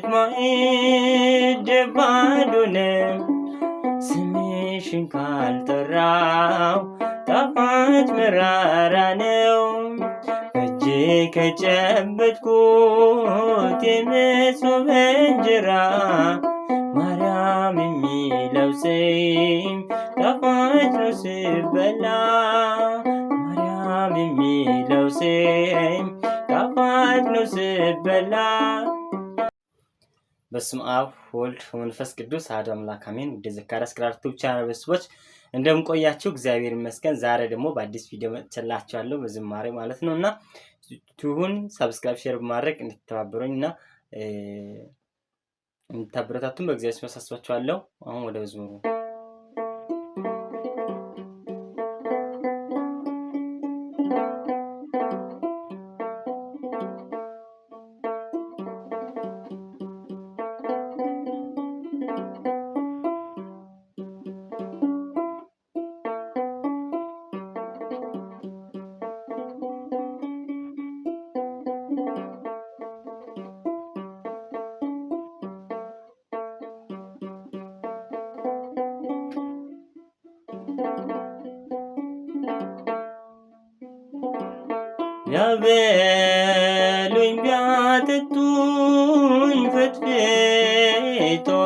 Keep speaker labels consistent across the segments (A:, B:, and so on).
A: ደግሞ ደባዱነ ስምሽን ካልጠራው ጣፋጭ መራራ ነው። እጅ ከጨበጥኩት የመሶበ እንጀራ ማርያም የሚለብሰኝ ጣፋጭ ነው ስበላ ማርያም የሚለብሰኝ ጣፋጭ ነው ስበላ
B: በስም አብ ወልድ ወመንፈስ ቅዱስ አሐዱ አምላክ አሜን። ወደ ዘካርያስ ክራር ቱብ ቻናል ቤተሰቦች እንደምን ቆያችሁ? እግዚአብሔር ይመስገን። ዛሬ ደግሞ በአዲስ ቪዲዮ መጥቼላችኋለሁ በዝማሬ ማለት ነው እና ዩቲዩቡን ሰብስክራይብ፣ ሼር በማድረግ እንድትተባበሩኝ እና እንድታበረታቱን በእግዚአብሔር ስም አሳስባችኋለሁ። አሁን ወደ መዝሙሩ
A: ቢያበሉኝ ቢያጠጡኝ ፈትፍቶ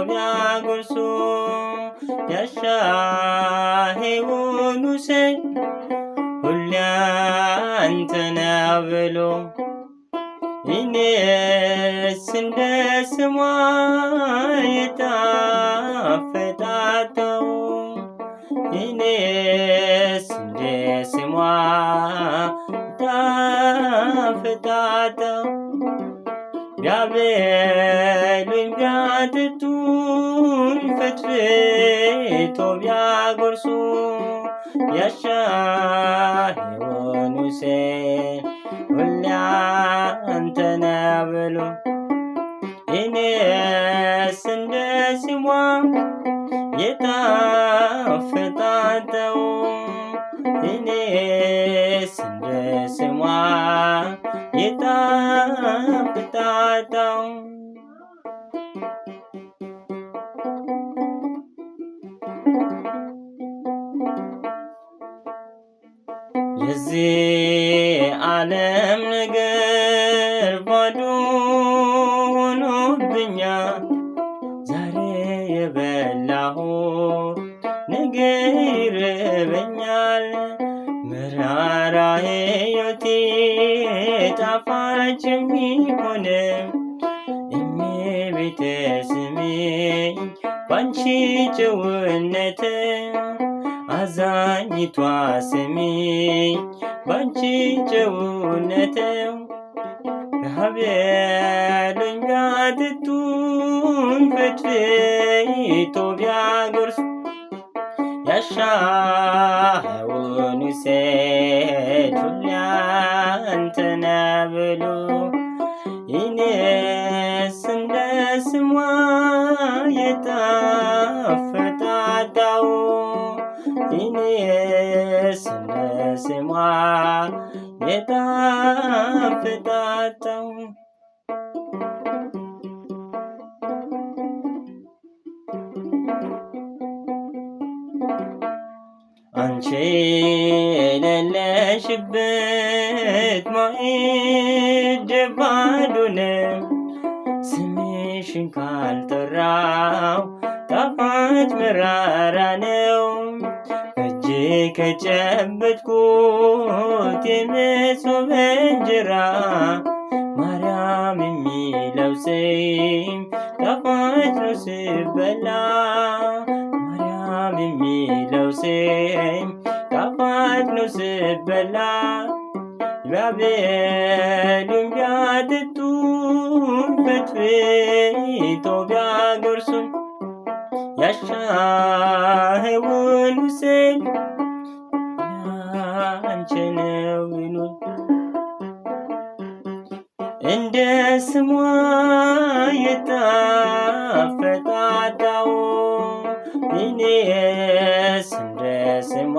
A: ቢያጎርሱ ያሻሄውን ሁሴን ሁሌ አንተ ነህ እኔስ እንደ ስሟ የጣፈጣጠው እኔ በቤቱ ቢያጎርሱ ያሻህ የሆኑ ሴ ሁሌ አንተነ ብሎ እኔስ እንደ ስሟ የጣፈጣጠው እኔስ እንደ ስሟ የጣፈጣጠው እዚህ ዓለም ነገር ባዶ ሆኖብኛል። ዛሬ የበላሁ ነገ ይርበኛል። መራራ ሕይወቴ ጣፋጭ የሚሆን እመቤቴ ስሜ ባንቺ ጭውነት አዛኝቷ ስሚኝ ባንቺ ቸውነትው ረሃብ ያለኛል ጥጡን ፈትፍቶ ቢያጎርስ ያሻውን ውሰድ ሁሉ ያንተነ ብሎ እንደ ስሟ የጣፍ ስመ ስሟ የጣፍጣቸው አንቺ የሌለሽበት ማዕድ ባዶ ነው። ስምሽን ካልጠራው ጣፋጭ መራራ ነው። ከጨበጥኩት የመሶበ እንጀራ ማርያም የሚለብሰኝ ጣፋጭ ነው ስበላ ማርያም የሚለብሰኝ ጣፋጭ ነው ስበላ ባቤሉን ቢያጠጡን ፈትፍቶ ቢያጎርሱን ያሻህውን ውስጥ እኔስ እንደ ስሟ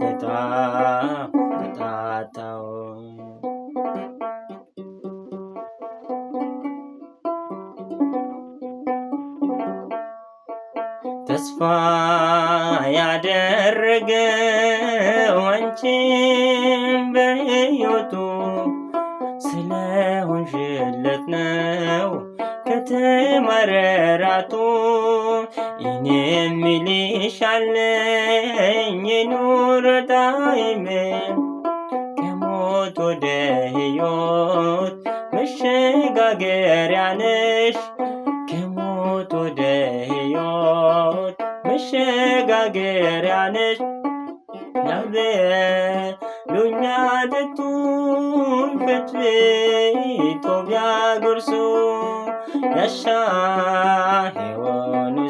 A: በጣም ተጣጣው ተስፋ ያደረገ አንቺን በሕይወቱ ስለሆንሽለት ነው ከተመረራቱ የሚልሻለኝ የኑር ጣዕምን ከሞት ወደ ሕይወት መሸጋገሪያ ከሞት ወደ ሕይወት ቢያጎርሱ ያሻ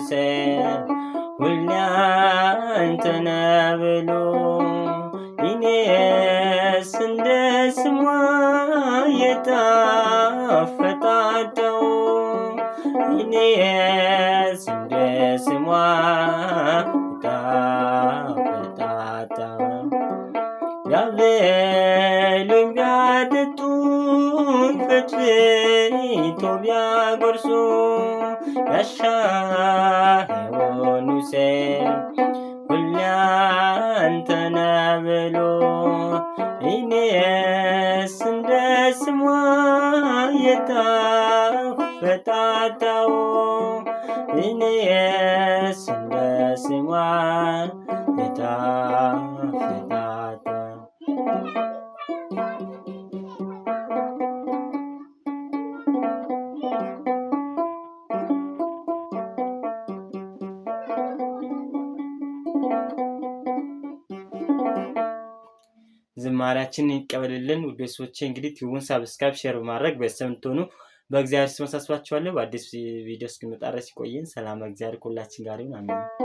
A: ደረሰ ብሎ ይኔስ እንደ ስሟ የጣፈጣጠው ይኔስ እንደ ስሟ ጣፈጣጣ ያበሉኝ ጋሻ ሆኑ ሴም ሁሌ አንተነ ብሎ እኔስ እንደ ስሟ የጣፈጣታው እኔስ እንደ ስሟ የጣፈጣታ
B: ዝማሪያችን ይቀበልልን። ውድ ቤተሰቦቼ እንግዲህ ቲዩቡን ሳብስክራይብ፣ ሼር በማድረግ ቤተሰብ እንድትሆኑ በእግዚአብሔር ስመሳስባችኋለሁ። በአዲስ ቪዲዮ እስክንመጣ ድረስ ይቆየን። ሰላም እግዚአብሔር ከሁላችን ጋር ይሁን። አሜን።